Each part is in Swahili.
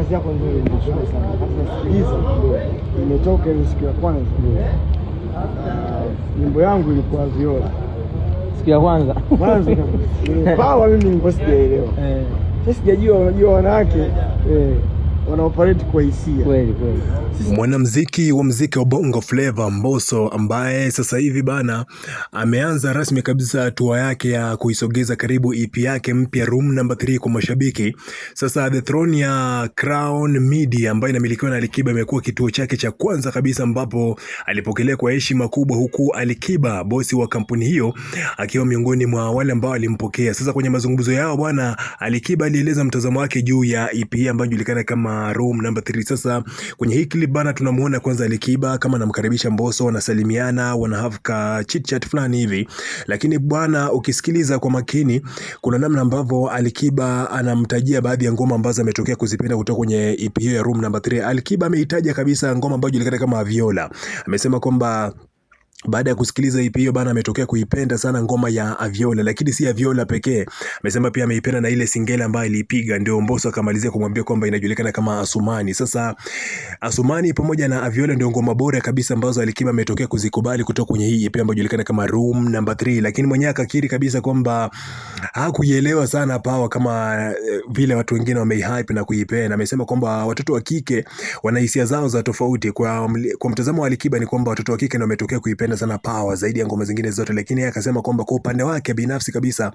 kazi yako nzuri, nashukuru sana. Nasikiliza imetoka ile siku ya kwanza, ah, nyimbo yangu ilikuwa viola siku ya kwanza kwanza pawa, mimi nilikuwa sijaelewa, eh. sijajua, unajua wanawake eh wanaoperate kwa hisia kweli kweli. Mwanamuziki wa muziki wa Bongo Flava Mbosso, ambaye sasa hivi bana ameanza rasmi kabisa hatua yake ya kuisogeza karibu EP yake mpya Room Number 3 kwa mashabiki. Sasa The Throne ya Crown Media ambayo inamilikiwa na Alikiba imekuwa kituo chake cha kwanza kabisa, ambapo alipokelewa kwa heshima kubwa, huku Alikiba bosi wa kampuni hiyo akiwa miongoni mwa wale ambao alimpokea. Sasa kwenye mazungumzo yao bwana, Alikiba alieleza mtazamo wake juu ya EP ambayo inajulikana kama na room number 3. Sasa kwenye hii clip bana, tunamuona kwanza Alikiba kama anamkaribisha Mbosso, wanasalimiana, wana have ka chit chat fulani hivi, lakini bwana, ukisikiliza kwa makini, kuna namna ambavyo Alikiba anamtajia baadhi ya ngoma ambazo ametokea kuzipenda kutoka kwenye EP ya room number 3. Alikiba ameitaja kabisa ngoma ambayo inajulikana kama Viola, amesema kwamba baada ya kusikiliza EP hiyo bana, ametokea kuipenda sana ngoma ya Aviola, lakini si Aviola pekee. Amesema pia ameipenda na ile singeli ambayo ilipiga, ndio Mbosso akamalizia kumwambia kwamba inajulikana kama Asumani. Sasa Asumani pamoja na Aviola ndio ngoma bora kabisa ambazo Alikiba ametokea kuzikubali kutoka kwenye hii EP ambayo inajulikana kama Room Number 3, lakini mwenyewe akakiri kabisa kwamba hakuielewa sana pawa kama eh, vile watu wengine wameihype na kuipenda. Amesema kwamba watoto wa kike wana hisia zao za tofauti. Kwa, kwa mtazamo wa Alikiba ni kwamba watoto wa kike ndio wametokea kuipenda anapenda sana Power zaidi ya ngoma zingine zote, lakini yeye akasema kwamba kwa upande wake binafsi kabisa,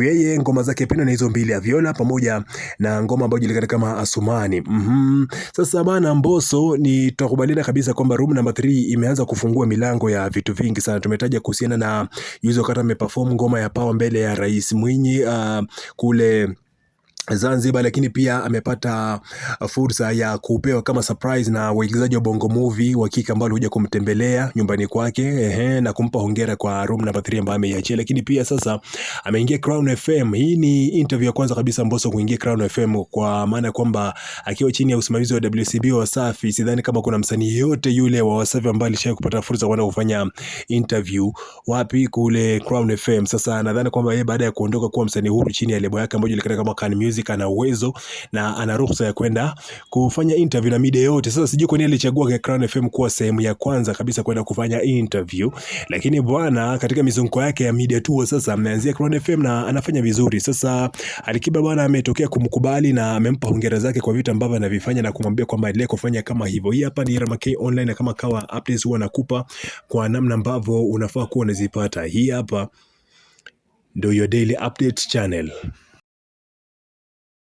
yeye ngoma zake pendwa ni hizo mbili, Aviola pamoja na ngoma ambayo inajulikana kama Asumani. Mm -hmm. Sasa bana Mbosso, nitakubaliana kabisa kwamba room number 3 imeanza kufungua milango ya vitu vingi sana. Tumetaja kuhusiana na yuzo kata ameperform ngoma ya Power mbele ya Rais Mwinyi uh, kule Zanzibar lakini pia amepata uh, fursa ya kupewa kama surprise na waigizaji wa Bongo Movie wa kike ambao huja kumtembelea nyumbani kwake, ehe, na kumpa hongera kwa room number 3 ambayo ameiachia. Lakini pia sasa ameingia Crown FM. Hii ni interview ya kwanza kabisa Mbosso kuingia Crown FM, kwa maana kwamba akiwa chini ya usimamizi wa WCB wa Wasafi, sidhani kama kuna msanii yote yule wa Wasafi ambaye alishaye kupata fursa kwenda kufanya interview wapi, kule Crown FM. Sasa nadhani kwamba yeye baada ya kuondoka kuwa msanii huru chini ya lebo yake ambayo ilikana kama Khan Music Isaac ana uwezo na ana ruhusa ya kwenda kufanya interview na media yote. Sasa sijui kwa nini alichagua Crown FM kuwa sehemu ya kwanza kabisa kwenda kufanya interview, lakini bwana, katika mizunguko yake ya media tour sasa ameanzia Crown FM na anafanya vizuri. Sasa Alikiba bwana ametokea kumkubali na amempa hongera zake kwa vitu ambavyo anavifanya na kumwambia kwamba endelee kufanya kama hivyo. Hii hapa ni Ramaki Online, na kama kawa updates huwa nakupa kwa namna ambavyo unafaa kuwa unazipata. Hii hapa ndio your daily update channel.